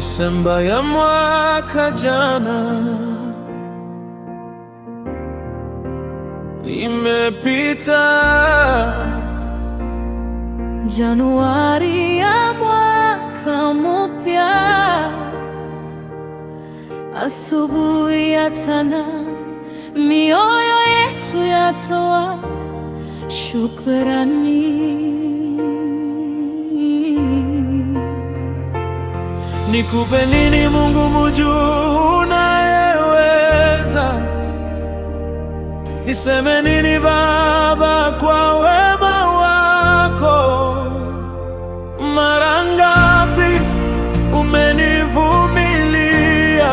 Disemba ya mwaka jana imepita, Januari ya mwaka mupya, asubuhi ya tana, mioyo yetu yatoa shukrani Nikupe nini Mungu mjuu unayeweza? Niseme nini Baba kwa wema wako? Mara ngapi umenivumilia?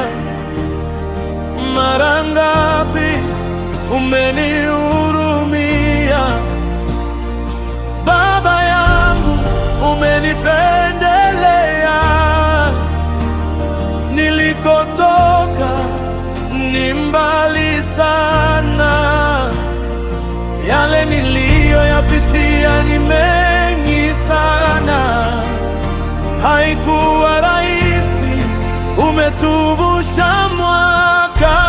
Mara ngapi umeni tulipotoka ni mbali sana, yale niliyoyapitia ni mengi sana. Haikuwa rahisi, umetuvusha mwaka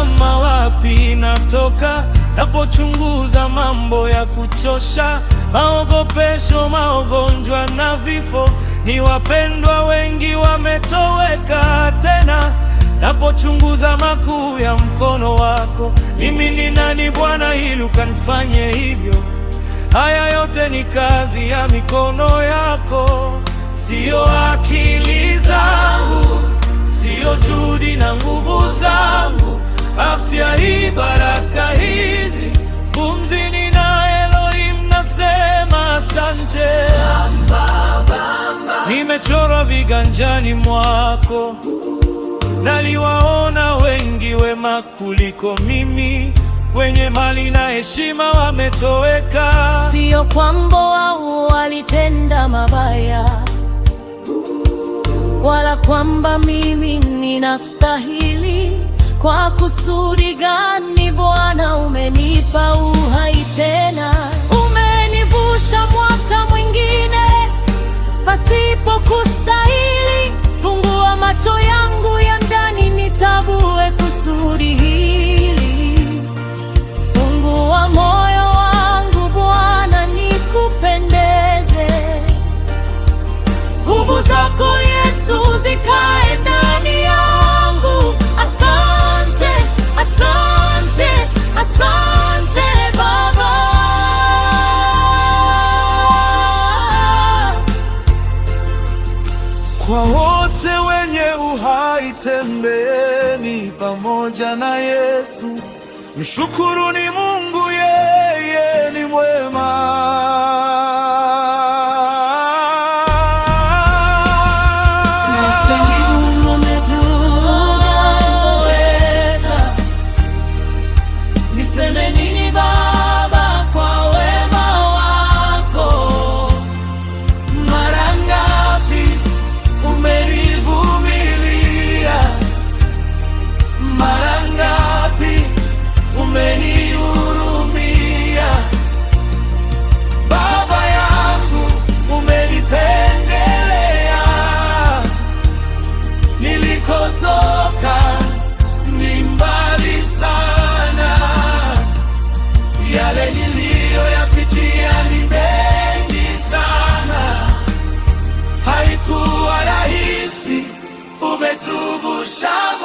kama wapi natoka, napochunguza mambo ya kuchosha, maogopesho, maogonjwa na vifo, ni wapendwa wengi wametoweka tena. Napochunguza makuu ya mkono wako, mimi ni nani Bwana ili ukanifanye hivyo? Haya yote ni kazi ya mikono yako, siyo akili zangu, siyo juhudi na nguvu zangu afya hii, baraka hizi, pumzini na Elohim, nasema asante. Nimechorwa viganjani mwako, naliwaona wengi wema kuliko mimi wenye mali na heshima wametoweka. Sio kwamba wao walitenda mabaya, wala kwamba mimi ninastahili, kwa kusudi gani Bwana umenipa uhai tena? tembeeni pamoja na Yesu. ni Mungu, yeye ni mwema. Kupitia ni mengi sana, haikuwa rahisi, umetuvusha